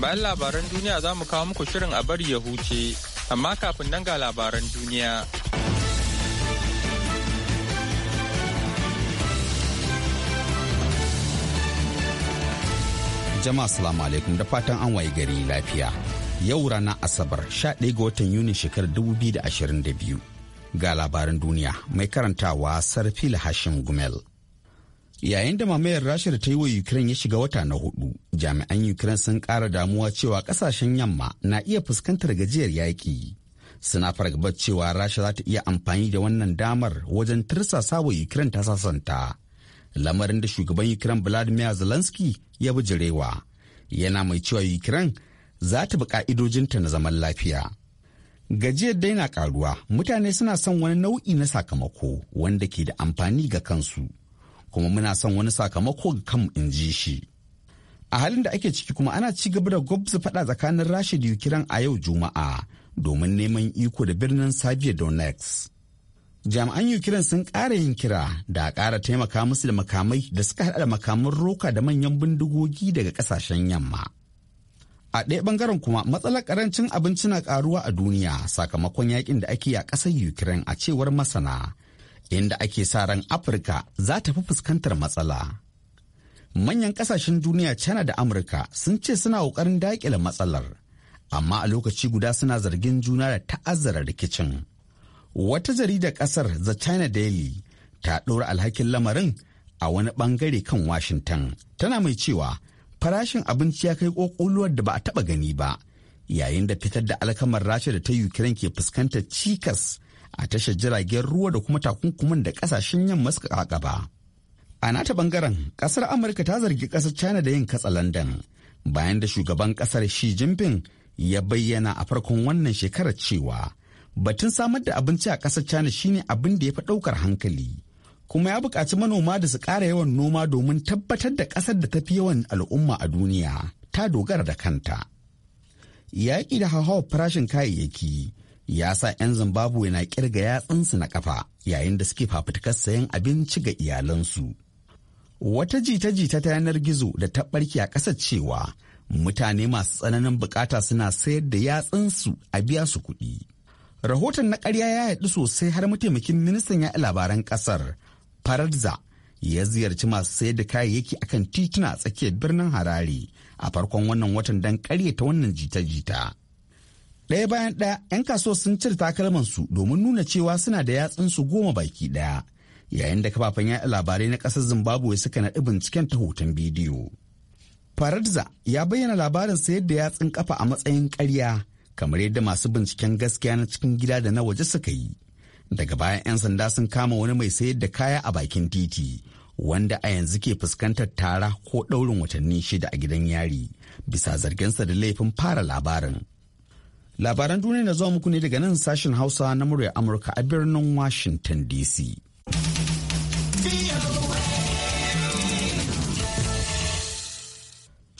Bayan labaran duniya za mu kawo muku shirin a bari ya huce, amma kafin nan ga labaran duniya. Jama'a salamu alaikum da fatan an waye gari lafiya. Yau ranar Asabar 11 ga watan Yuni shekarar 2022. Ga labaran duniya mai karantawa Sarfil Hashim Gumel. yayin da mamayar rasha da ta yi wa ukraine ya shiga wata na hudu jami'an ukraine sun kara damuwa cewa kasashen yamma na iya fuskantar gajiyar yaƙi suna fargabar cewa rasha za ta iya amfani da wannan damar wajen tirsasa wa ukraine ta sasanta lamarin da shugaban ukraine vladimir zelensky ya bijirewa yana mai cewa ukraine za ta bi ka'idojinta na zaman lafiya gajiyar dai na karuwa mutane suna son wani nau'i na sakamako wanda ke da amfani ga kansu kuma muna son wani sakamako kam in ji shi a halin da ake ciki kuma ana ci gaba da gwabza faɗa tsakanin rasha da ukraine a yau juma'a domin neman iko da birnin sabia donetsk jami'an ukraine sun ƙara yin kira da a ƙara taimaka musu da makamai da suka haɗa da makaman roka da manyan bindigogi daga ƙasashen yamma a ɗaya ɓangaren kuma matsalar ƙarancin abinci na ƙaruwa a duniya sakamakon yakin da ake a ƙasar ukraine a cewar masana inda ake sa ran Afirka za ta fi fuskantar matsala. Manyan kasashen duniya China da Amurka sun ce suna ƙoƙarin daƙile matsalar, amma a lokaci guda suna zargin juna da ta'azzara rikicin. Wata jaridar ƙasar The China Daily ta ɗora alhakin lamarin a wani ɓangare kan Washington, tana mai cewa farashin abinci ya kai ƙoƙoluwar da ba a taɓa gani ba, yayin da fitar da alkamar Rasha da ta Ukraine ke fuskantar cikas a tashar jiragen ruwa da kuma takunkumin da kasashen yamma suka kakaba. A nata bangaren, kasar Amurka ta zargi kasar China da yin katsa London. bayan da shugaban kasar Xi Jinping ya bayyana a farkon wannan shekarar cewa batun samar da abinci a kasar China shine abin da ya fi ɗaukar hankali. Kuma ya buƙaci manoma da su ƙara yawan noma domin tabbatar da ƙasar da tafi yawan al'umma a duniya ta dogara da kanta. Yaƙi da hauhawar farashin kayayyaki ya sa 'yan zimbabwe na kirga yatsunsu na kafa yayin da suke fafutukar sayan abinci ga iyalansu wata jita-jita ta yanar gizo da ta ɓarke a ƙasar cewa mutane masu tsananin bukata suna sayar da yatsunsu a biya su kuɗi rahoton na ƙarya ya yaɗu sosai har mataimakin ministan ya labaran ƙasar faradza ya ziyarci masu sayar da kayayyaki akan tituna a tsakiyar birnin harare a farkon wannan watan don karyata wannan jita-jita ɗaya bayan ɗaya 'yan kasuwar sun cire takalman su domin nuna cewa suna da yatsunsu goma baki ɗaya yayin da kafafen yaɗa labarai na ƙasar zimbabwe suka naɗi binciken ta hoton bidiyo faradza ya bayyana labarin sayar da yatsun ƙafa a matsayin ƙarya kamar yadda masu binciken gaskiya na cikin gida da na waje suka yi daga bayan 'yan sanda sun kama wani mai sayar da kaya a bakin titi wanda a yanzu ke fuskantar tara ko ɗaurin watanni shida a gidan yari bisa zargensa da laifin fara labarin labaran duniya na zuwa muku ne daga nan sashen hausa na murya amurka a birnin washington dc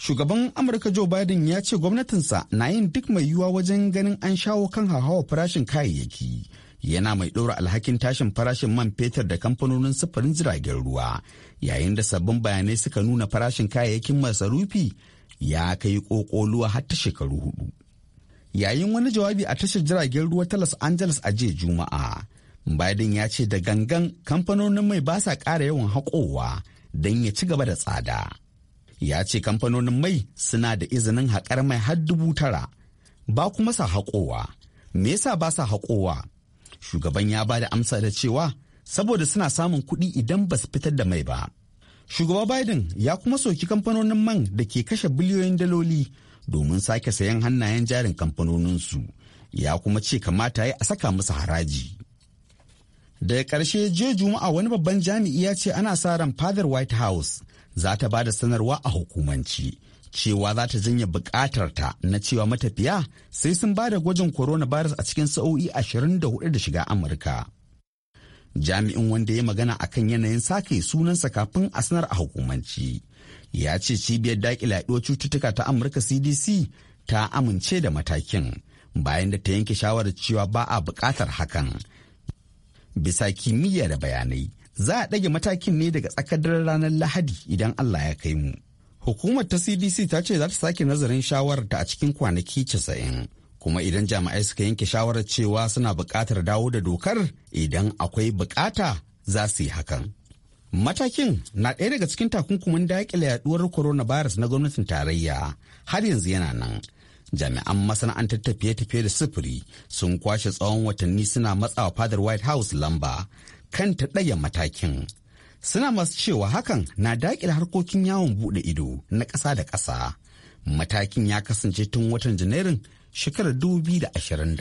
shugaban amurka joe biden ya ce gwamnatinsa na yin duk mai yiwuwa wajen ganin an shawo kan hawa farashin kayayyaki yana mai ɗora alhakin tashin farashin man fetur da kamfanonin sufurin jiragen ruwa yayin da sabbin bayanai suka nuna farashin kayayyakin masarufi ya kai ƙoƙoluwa har ta shekaru hudu yayin wani jawabi a tashar jiragen ruwa ta los angeles a jiya juma'a biden ya ce da gangan kamfanonin mai ba sa ƙara yawan haƙowa don ya ci gaba da tsada ya ce kamfanonin mai suna da izinin haƙar mai har dubu tara ba kuma sa haƙowa me yasa ba sa haƙowa shugaban ya ba da amsa da cewa saboda suna samun kuɗi idan ba su fitar da mai ba shugaba biden ya kuma soki kamfanonin man da ke kashe biliyoyin daloli domin sake sayan hannayen jarin kamfanoninsu ya kuma ce kamata ya a saka musu haraji. Daga ƙarshe je juma'a wani babban jami'i ya ce ana sa ran fadar White House za ta ba da sanarwa a hukumanci cewa za ta janye ta na cewa matafiya sai sun ba da gwajin coronavirus a cikin sa'o'i 24 da shiga Amurka. Jami'in wanda ya magana akan yanayin sake sunansa kafin a sanar a hukumanci. ya ce cibiyar daƙila cututtuka ta amurka cdc ta amince da matakin bayan da ta yanke shawarar cewa ba a buƙatar hakan bisa kimiyya da bayanai za a ɗage matakin ne daga tsakar ranar lahadi idan allah ya kai mu hukumar ta cdc ta ce za ta sake nazarin shawarar ta a cikin kwanaki casa'in kuma idan jami'ai suka yanke shawarar cewa suna buƙatar dawo da dokar idan akwai buƙata za su yi hakan Matakin na ɗaya daga cikin takunkumin daƙile yaduwar coronavirus na gwamnatin tarayya har yanzu yana nan. Jami'an masana'antar tafiye-tafiye da sufuri sun kwashe tsawon watanni suna matsawa fadar White House lamba kan ta ɗaya matakin. Suna masu cewa hakan na daƙile harkokin yawon buɗe ido na ƙasa da ƙasa. Matakin ya kasance tun watan Janairun shekarar 2021.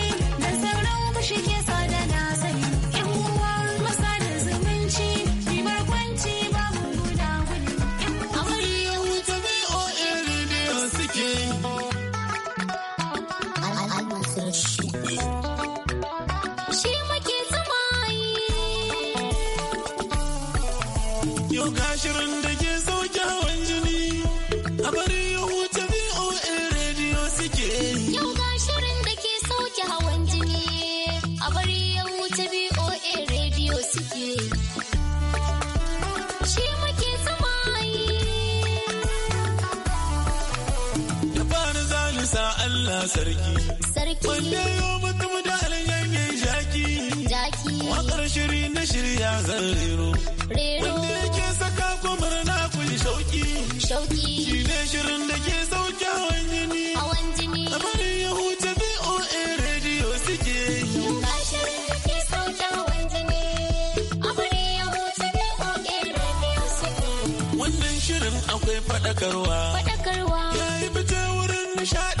Allah sarki. Sarki. Wanda yau mutum da alayyayen jaki. Jaki. Wakar shiri na shirya zan rero. Rero. Wanda yake saka ku murna ku yi shauki. Shauki. Shi ne shirin da ke sauke hawan jini. Hawan jini. Kamar ya huce BOA radio suke. Ba wurin nishaɗi.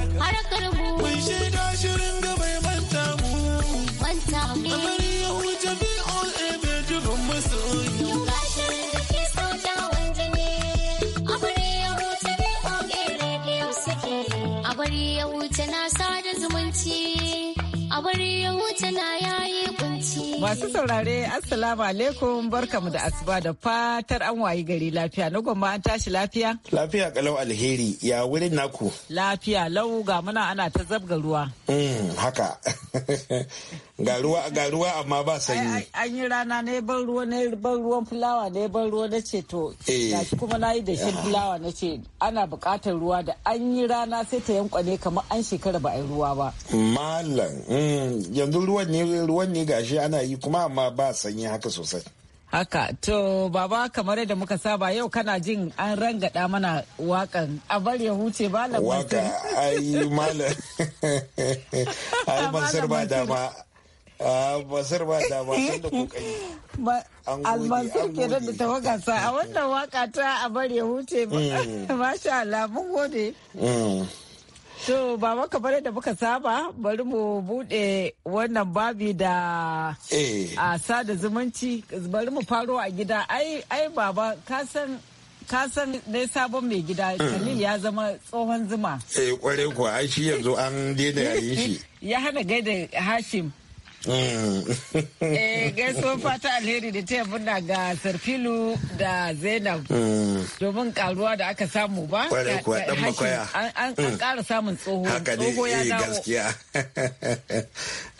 Masu saurare Assalamu alaikum barkamu da asuba da fatar an wayi gari lafiya na gwamma an tashi lafiya? Lafiya kalau alheri ya wurin naku. Lafiya lau ga muna ana ta zabga ruwa. Mm, haka. ga ruwa ga ruwa amma ba sanyi an yi rana ne ban ruwa ne ban ruwan fulawa ne ban ruwa na ce to eh. gashi kuma na yi da shi ah. fulawa na ce ana buƙatar ruwa da an yi rana sai ta ne kamar an shekara ba a yi ruwa ba malam mm, yanzu ruwan ne ruwan ne gashi ana yi kuma amma ba sanyi haka sosai Haka, to baba kamar yadda muka saba yau kana jin an rangada mana wakan a bar ya huce malam Waka, ai malam, ai mansar ba dama. Ah, Basir ba da ba da kokari. Almansur ke da da wakasa a wannan waka ta a bari ya huce hmm. masha Allah mun gode. So hmm. baba bare da muka saba bari mu bude wannan babi da eh. a ah, sada zumunci bari mu faro a gida ai baba kasan kasan dai sabon mai gida hmm. Khalil ya zama tsohon zuma. Eh kware kuwa ai shi yanzu an daina yayin shi. Ya hana gaida Hashim. Mm. Eh gaisuwar fata alheri da taya yi ga Sarfilu da Zainab mm. domin karuwa da aka samu ba. Kwarai kuwa dan makwaya. An kara mm. samun tsoho. Haka ne eh, gaskiya.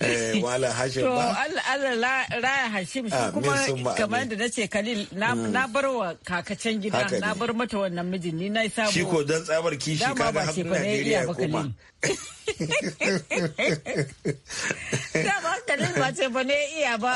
wala eh, hashim ba Allah raya hashim shi kuma kamar da nace kalil mm. na bar wa kakacen gida na bar mata wannan mijin ni na samu shi ko dan tsabar kishi kaga har Najeriya kuma da ba kalil ba ce ba ne iya ba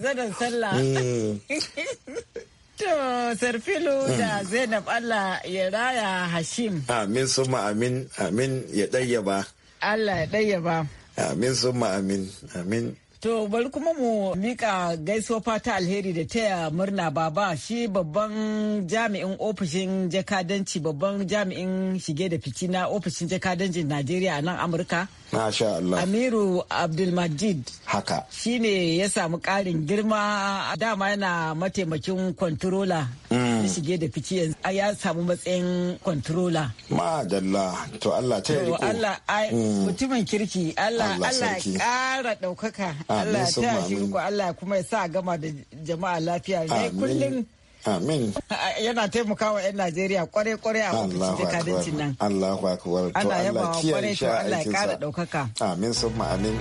zanen sallah mm. To Sarfilu mm. da Zainab Allah ya raya Hashim. Amin suma amin amin ya ɗayyaba. Allah ya ɗayyaba. Amin sun amin. Amin. To bari kuma mu mika gaisuwa fata alheri da taya murna baba shi babban jami'in ofishin jakadanci babban jami'in shige da fici na ofishin jakadancin Najeriya a nan Amurka. Masha Allah. Amiru Abdulmajid. Haka. Shi ne ya samu ƙarin girma dama yana mataimakin kwantarola. Mm. shige da fice yanzu ya samu matsayin kwantarola. Madalla to Allah ta yi Allah mm. mutumin kirki Allah Allah ƙara ɗaukaka. Allah ta shi Allah kuma ya sa gama da jama'a lafiya. Ne kullum. Amin. Yana taimakawa 'yan Najeriya kware kware a ofishin jakadancin nan. Allah akbar. Ana yabawa kwarai to Allah ya kara ɗaukaka. Amin sun amin.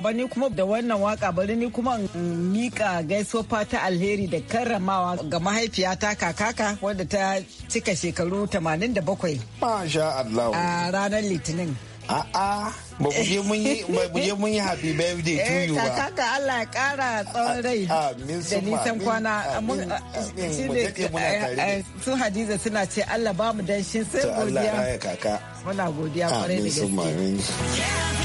ba ni kuma da wannan waka bari ni kuma in mika gaisuwa ta alheri da karramawa ga mahaifiyata kakaka wadda ta cika shekaru 87 masha Allah a ranar litinin a'a ba mu mun yi ba mu mun yi happy birthday to eh, you ba kaka Allah ya kara tsawon rai da nisan kwana eh, eh, su Hadiza suna ce Allah ba mu danshin sai godiya muna godiya kwarai da gaske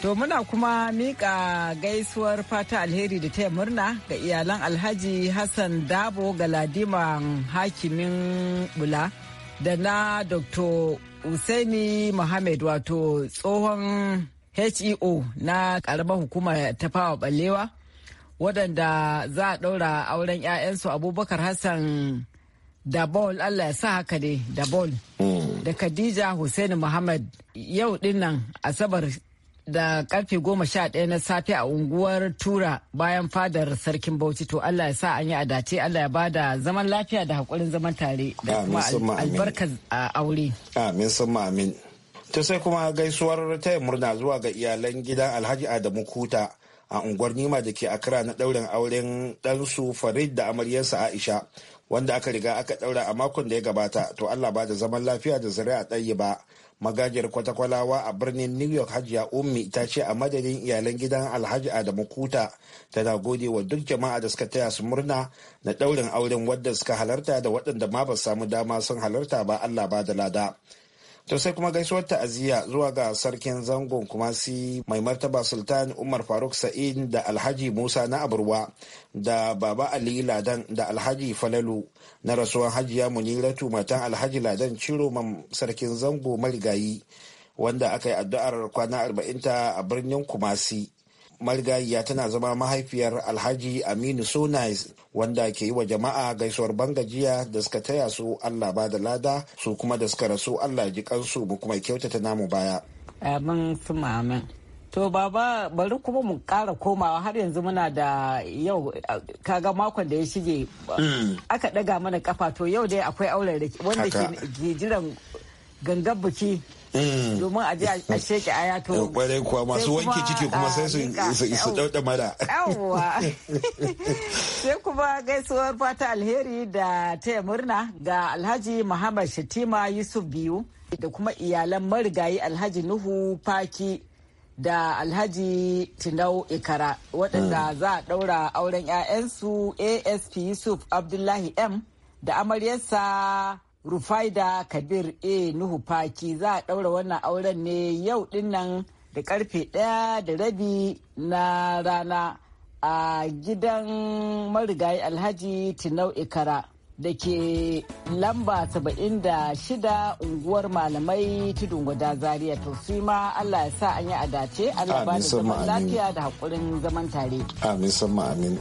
To muna kuma mika gaisuwar fata alheri da taya murna ga iyalan Alhaji Hassan Dabo Galadiman hakimin Bula da na Dr. Usaini Mohammed wato tsohon HEO na karamar hukumar ta fawa balewa waɗanda za a ɗaura auren 'ya'yansu Abubakar Hassan Dabol Allah ya sa haka ne Dabol mm. da Khadija Hussaini Muhammad yau dinnan Asabar da karfe goma sha ɗaya na safe a unguwar tura bayan fadar sarkin bauchi to allah ya sa an yi adace allah ya bada da zaman lafiya da haƙurin zaman tare da kuma albarka a aure amin sun amin ta sai kuma gaisuwar taya murna zuwa ga iyalan gidan alhaji adamu kuta a unguwar nima da ke akira na ɗaurin auren ɗansu farid da amaryarsa aisha wanda aka riga aka ɗaura a makon da ya gabata to allah ba da zaman lafiya da a ɗayi ba magajiyar kwatakwalawa a birnin new york hajiya ummi ta ce a madadin iyalan gidan alhaji adamu kuta tana gode wa duk jama'a da suka taya su murna na daurin auren wadda suka halarta da waɗanda ma ba samu dama sun halarta ba allah ba da lada To sai kuma gaisuwar ta'aziyya zuwa ga sarkin zangon kumasi mai martaba Sultan Umar Faruk Sa'id da Alhaji Musa na Aburwa da Baba Ali Ladan da Alhaji Falalu na rasuwar Hajiya Muniratu matan Alhaji Ladan Ciro man sarkin zango marigayi wanda aka yi addu'ar kwana arba'inta a birnin Kumasi marigayiya tana zama mahaifiyar alhaji aminu sunais wanda ke yi wa jama'a gaisuwar ban gajiya da suka taya su allah ba da lada su kuma da suka rasu allah ji kansu mu kuma kyautata namu baya amin su mamin to baba bari kuma mu kara komawa har yanzu muna da yau kaga makon da ya shige mm. aka daga mana kafa to yau dai akwai auren wanda ke jiran gangar biki mm. domin a je a mm. sheke a yato kware eh, kuwa masu wanke ciki kuma sai su dauda mara yawwa sai kuma gaisuwar fata alheri da taya murna ga alhaji muhammad shatima yusuf biyu da kuma iyalan marigayi alhaji nuhu faki da alhaji tinau ikara waɗanda mm. za a ɗaura auren 'ya'yansu asp yusuf abdullahi m da amaryarsa rufaida kabir a nuhu faki za a ɗaura wannan auren ne yau dinnan da karfe ɗaya da rabi na rana a gidan marigayi alhaji tinau ikara da ke lamba 76 unguwar malamai tudun guda zaria to su ma allah ya sa an yi a dace allah ba da lafiya da haƙurin zaman tare amin amin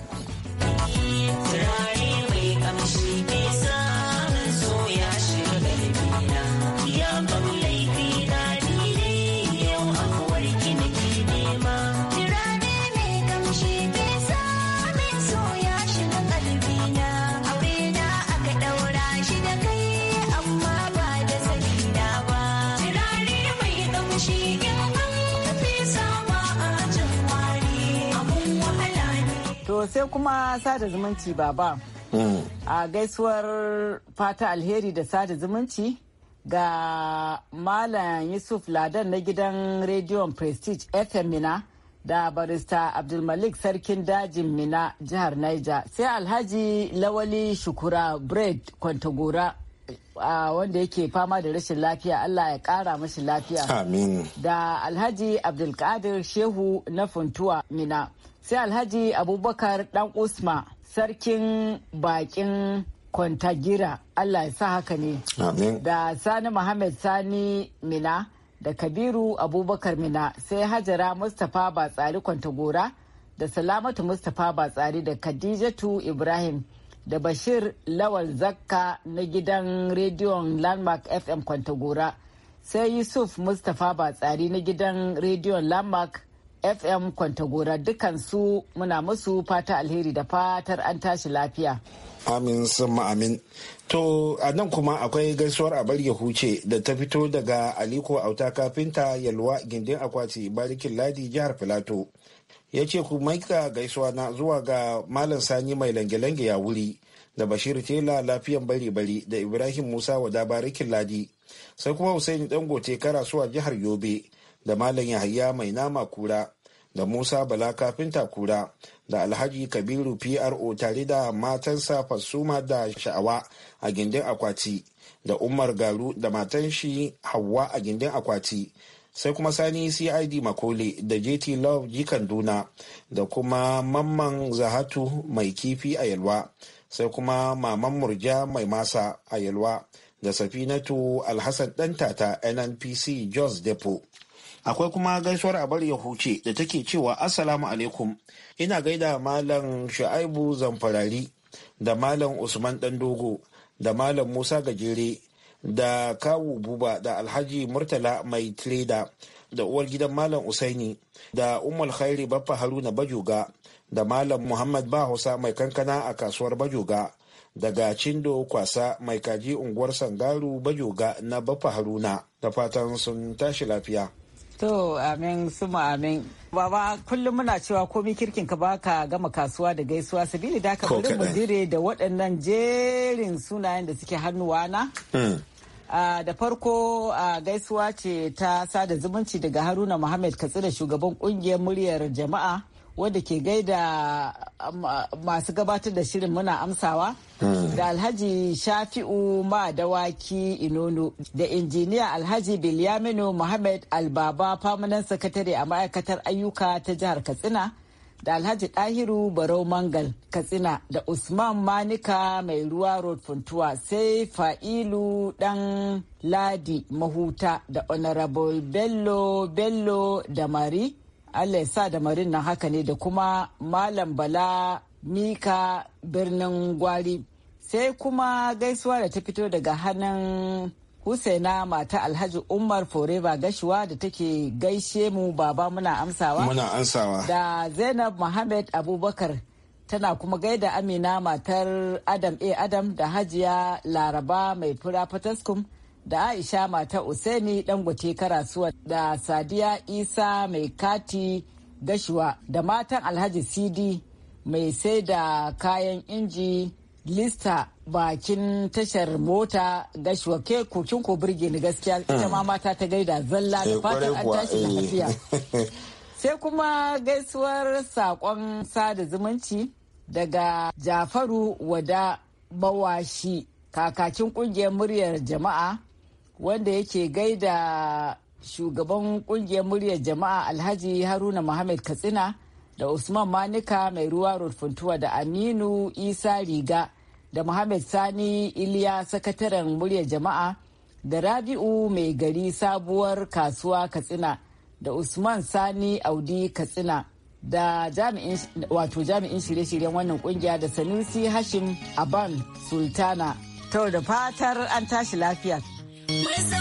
sai kuma sada zumunci baba. Hmm. A gaisuwar fata alheri da sada zumunci ga Malam Yusuf Ladan na gidan rediyon Prestige FM Mina da barista Abdulmalik Sarkin Dajin Mina jihar Niger sai Alhaji Lawali Shukura Bread Kwantagora wanda yake fama da rashin lafiya Allah ya kara mashi lafiya. Da Alhaji Abdulkadir Shehu na Funtuwa Mina. sai alhaji abubakar dan usma sarkin bakin kwantagira allah ya sa haka ne da sani muhammad sani mina da kabiru abubakar mina sai hajara mustapha batsari kwantagora da salamatu mustapha batsari da khadijatu ibrahim da bashir lawal zakka na gidan rediyon landmark fm kwantagora sai yusuf mustapha batsari na gidan rediyon landmark FM Kwantagora dukansu muna musu fata alheri da fatar an tashi lafiya. Amin sun amin. To a nan kuma akwai gaisuwar a bar huce da ta fito daga Aliko Auta kafinta Yalwa gindin akwati barikin ladi jihar Filato. Ya ce ku maika gaisuwa na zuwa ga Malam Sani mai lange-lange ya wuri da Bashir Tela lafiyan bari-bari da Ibrahim Musa wada barikin ladi. Sai kuma Hussein Dangote karasuwa jihar Yobe. da malam yahaya mai nama kura da musa bala kafinta kura da alhaji kabiru pro tare da matansa fasuma da sha'awa a gindin akwati da umar garu da matan shi hawa a gindin akwati sai kuma sani cid makole da jt love jikan duna da kuma mamman zahatu mai kifi a yalwa sai kuma maman murja mai masa a yalwa da safinatu alhassan ɗantata nnpc jos depot. akwai kuma gaisuwar abar yahuce ya huce da take cewa assalamu alaikum ina gaida malam sha'aibu zamfarari da malam usman dan da malam musa gajere da kawu buba da alhaji murtala mai tireda da uwar gidan malam usaini da umar khairi baffa haruna bajoga da malam muhammad ba hausa mai kankana a kasuwar bajoga daga cindo kwasa mai kaji unguwar sangaru bajoga na baffa haruna da fatan sun tashi lafiya To amin suma amin. Baba kullum muna cewa komi kirkin ka baka gama kasuwa da gaisuwa sabili da ka bari mu dire da waɗannan jerin sunayen da suke hannuwana. na hmm. da farko gaisuwa ce ta sada zumunci daga haruna muhammad katsina shugaban ƙungiyar muryar jama'a wadda ke gaida um, uh, masu gabatar da shirin muna amsawa hmm. da alhaji shafi'u ma dawaki inono da injiniya alhaji bilyaminu muhammad albaba permanent sakatare a ma'aikatar ayyuka ta jihar katsina da alhaji ɗahiru barau mangal katsina da usman manika mai ruwa road funtuwa sai fa'ilu ɗan ladi mahuta da honorable bello bello da mari Allah ya sa da marin nan haka ne da kuma Malam Bala Mika birnin Gwari. Sai kuma gaisuwa da ta fito daga hannun Husaina mata Alhaji Umar Foreva. gashuwa da take gaishe mu baba muna amsawa. Muna amsawa. Da Zainab Mohammed Abubakar tana kuma gaida Amina matar Adam A. Adam da Hajiya Laraba mai fura Fataskum. da Aisha mata Useni Dangote Karasuwa da Sadiya Isa mai kati gashuwa da matan Alhaji Sidi mai sai da kayan inji lista bakin tashar mota gashuwa ke kokin ko birge ni gaskiya ita ma mata ta gaida zalla da eh, fatan an tashi da eh. lafiya sai kuma gaisuwar sakon sada zumunci daga jafaru wada bawashi kakakin kungiyar muryar jama'a wanda yake gaida shugaban kungiyar muryar jama'a alhaji haruna muhammad katsina da usman manika mai ruwa rufuntuwa da aminu isa riga da muhammad sani iliya sakataren muryar jama'a da rabi'u mai gari sabuwar kasuwa katsina da usman sani audi katsina da wato jami'in shirye-shiryen wannan kungiya da sanusi hashim aban sultana Tau da fatar an tashi lafiya Listen.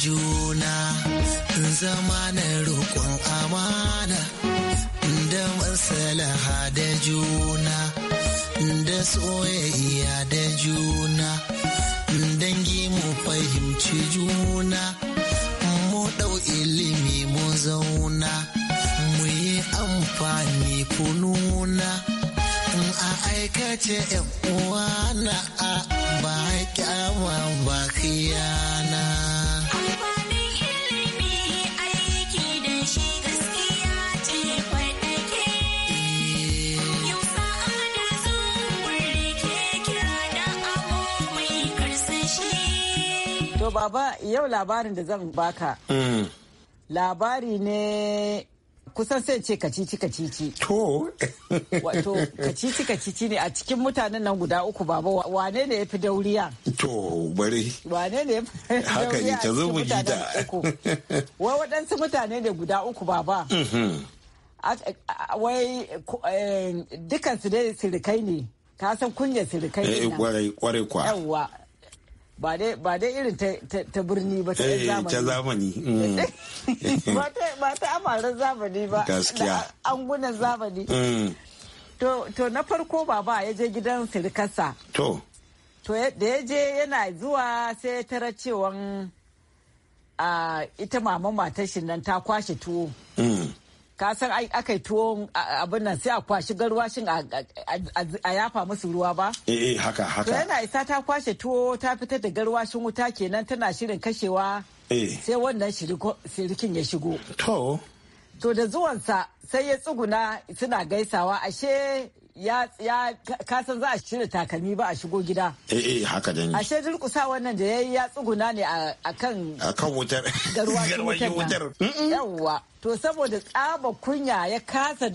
juna zama na roƙon amana da masalaha da juna da soyayya da juna dangi mu fahimci juna mu ɗau ilimi mu zauna mu yi amfani kununa a aikace na a ba kyawa ba kiyana. baba yau labarin da zan baka. Mm. Labari ne kusan sai ce kacici kacici. To. Wato kacici kacici ne a cikin mutanen nan guda uku baba wane ne ya fi dauriya? To bari. Wane ne Haka ne ta zo mu gida ta. Wai waɗansu mutane ne guda uku baba. Mm-hmm. Wai eh, dukansu dai sirikai ne. Ka san kunyar sirikai eh, ne. Kwarai kwa. Yawwa. ba dai irin ta birni ba ta eh, zamani mm. ba ta amaran zamani ba gaskiya angunan zamani mm. to na farko baba ya je gidan sirikarsa to to da ya je yana zuwa sai ya tara cewan ah, ita mama matar shi nan ta kwashe tuwo mm. ka san ai aka tuwo abin nan sai a kwashi shi a yafa musu ruwa ba eh, eh haka haka yana isa ta kwashe tuwo ta fitar da garwashin wuta kenan tana shirin kashewa eh. sai wannan shirikin ya shigo to to da zuwansa sai ya tsuguna suna gaisawa ashe ya ya kasan za a shirya takalmi ba a shigo gida. Eh eh haka dan. Ashe durkusa wannan da yayi ya tsuguna ne a kan a kan wutar garwakin wutar. Yawwa to saboda tsaba kunya ya kasa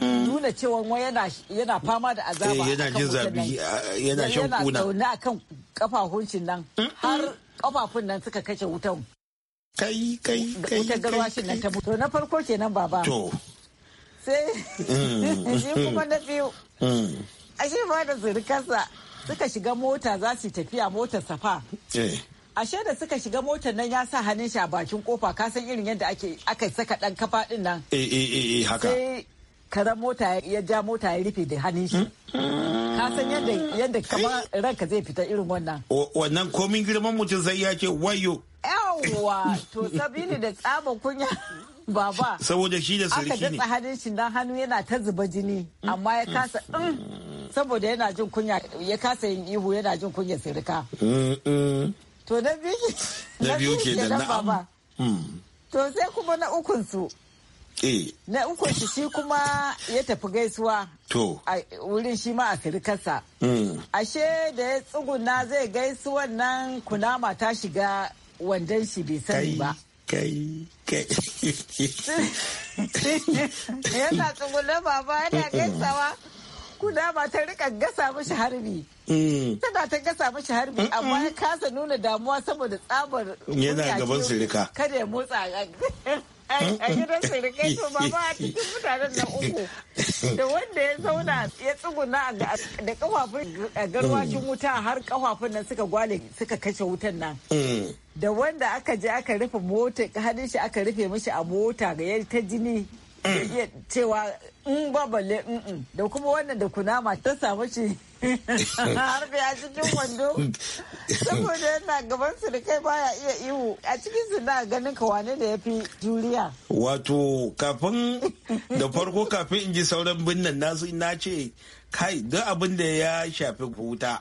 nuna cewa yana yana fama da azaba. Eh yana jin zabi yana shan kuna. Yana zaune akan kafafuncin nan har kafafun nan suka kashe wutan. Kai kai kai kai. Wutar garwashin nan ta mutu. To na farko kenan baba. To. sai mm. shi kuma na biyu mm. a shi ba da zirkarsa suka shiga mota za su tafiya motar safa eh. ashe da suka shiga motar nan ya sa hannun shi a bakin kofa ka san irin yadda ake aka saka dan kafa din nan eh, eh eh eh haka sai karan mota ya ja mota ya rufe da hannun shi mm. ka san yadda yadda kamar ranka zai fita irin wannan wannan komin girman mutum sai ya ce wayo yawwa to sabini da tsaba kunya baba saboda shi da sarki ne aka datsa hannun shi dan hannu yana ta zuba jini amma ya kasa mm, saboda yana jin kunya ya kasa yin ihu yana jin kunya sirika to na biyu na biyu ke da na baba mm. to sai kuma na ukun su eh. na ukun shi shi kuma ya tafi gaisuwa to a wurin shi ma a sirikarsa mm. ashe da ya tsuguna zai gaisuwan nan kunama ta shiga wandon shi bai sani ba kai kai yana tsugula baba yana gaisawa kuna ba ta rika gasa mishi harbi mm. tana ta gasa mishi harbi amma ya kasa nuna damuwa saboda tsabar yana gaban sirika kada ya motsa a gidan sirikai to baba a cikin mutanen na uku da wanda ya zauna ya tsuguna da kafafun a garwashin mm. wuta har kafafun nan suka gwale suka kashe wutan nan mm. da wanda aka je aka rufe mota hannun shi aka rufe mishi a mota ga yadda ta jini mm. cewa in mm, babale da kuma wannan da kunama ta samu shi harbe a cikin wando saboda yana gaban su da kai baya iya ihu a cikin su na ganin ka wane da ya fi juriya wato kafin da farko kafin in ji sauran binnan nasu na ce kai duk abin da ya shafi wuta.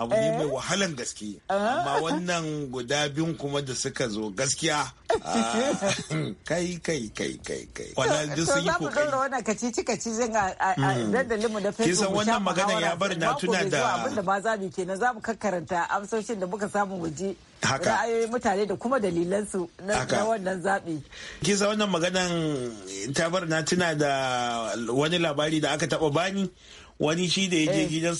abu ne eh. mai wahalan gaske ah. amma wannan guda biyun kuma da suka zo gaskiya ah, kai kai kai kai kai kwanan duk sun yi kokari to za hmm. mu wannan kacici kacicin a dandalin mu da facebook kisan wannan magana ya bar na tuna da abin da ba za mu kenan za mu kakkaranta amsoshin da muka samu waje haka ra'ayoyin mutane da kuma dalilansu na wannan zabi kisa wannan maganan ta bar na tuna da wani labari da aka taɓa bani wani shi da ya je eh. gidan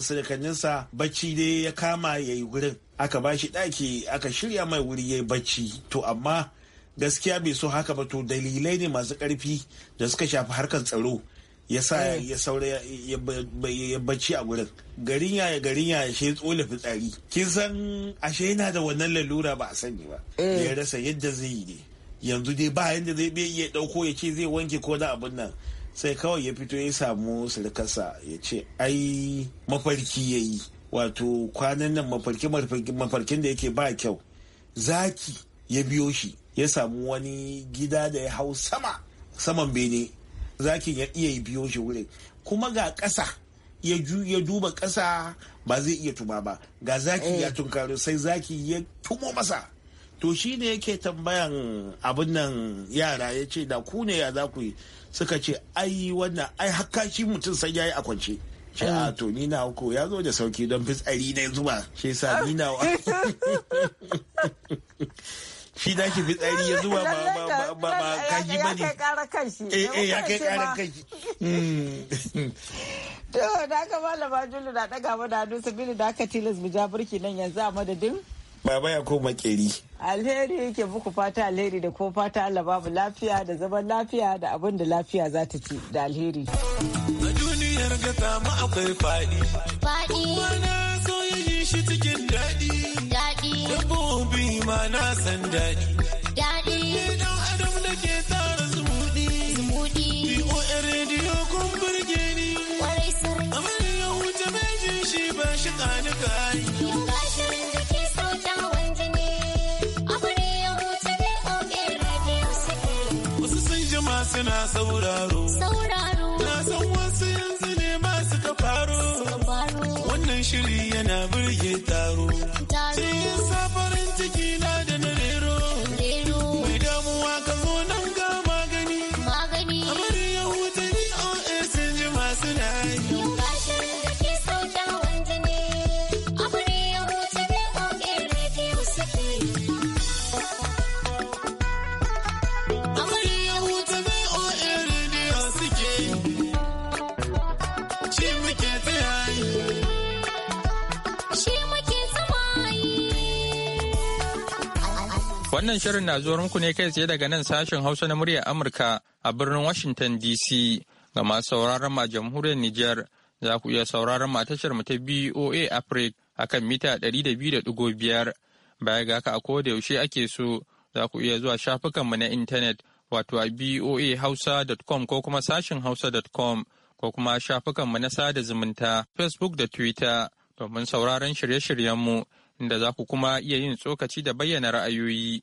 sirkaninsa bacci dai ya kama ya yi wurin aka ba shi ɗaki aka shirya mai wuri ya yi bacci to amma gaskiya bai so haka ba to dalilai ne masu ƙarfi da suka shafi harkar tsaro ya sa eh. ya saura ya bacci a wurin. garin ya garin ya she tsola fitsari kin san ashe yana da wannan lalura ba a sani ba eh. ya rasa yadda zai yi ne yanzu dai ba yadda zai iya dauko ya ce zai wanke ko da abin nan sai kawai ya fito ya samu sirkarsa ya ce ai mafarki ya yi wato kwanan nan mafarkin da yake ba kyau zaki ya biyo shi ya samu wani gida da ya hau sama saman bene zakin ya iya biyo shi wurin kuma ga ƙasa ya duba ƙasa ba zai iya tuma ba ga zaki ya eh. tunkaro sai zaki ya tumo masa to shi ne yake tambayan abin nan yara ya ce da ku ne ya za ku yi suka ce ai wannan ai hakkashi mutum sai yayi a kwance ce a ah, to ni na ko ya zo da sauki don fitsari na zuba shi sa ni na shi da ki fitsari ya zuwa ba ba ba ba ba kaji bane ya kai kara kanshi eh eh ya kai kara kanshi to da ka malama Julu na daga da hannu sabili da ka tilas mu ja burki nan yanzu a madadin Baba ya ko makeri. Alheri yake muku fata alheri da ko fata Allah babu lafiya da zaman lafiya da abin da lafiya za ta ci da alheri. a duniyar ga ma akwai Fadi. fadi Mana so yi shi cikin daɗi. Daɗi. Dabbobi ma na san daɗi. ke taro. Cikin safari Wannan shirin na zuwa muku ne kai tsaye daga nan sashen Hausa na muryar Amurka a birnin Washington DC ga masu sauraron ma jamhuriyar Nijar za ku iya sauraron ma tashar mu ta BOA Africa akan mita ɗari da da 200.5 baya ga haka a ko da yaushe ake so za ku iya zuwa shafukan mu na intanet wato a boahausa.com ko kuma sashin hausa.com ko kuma shafukanmu na sada zumunta facebook da twitter domin sauraron shirye-shiryenmu inda za ku kuma iya yin tsokaci da bayyana ra'ayoyi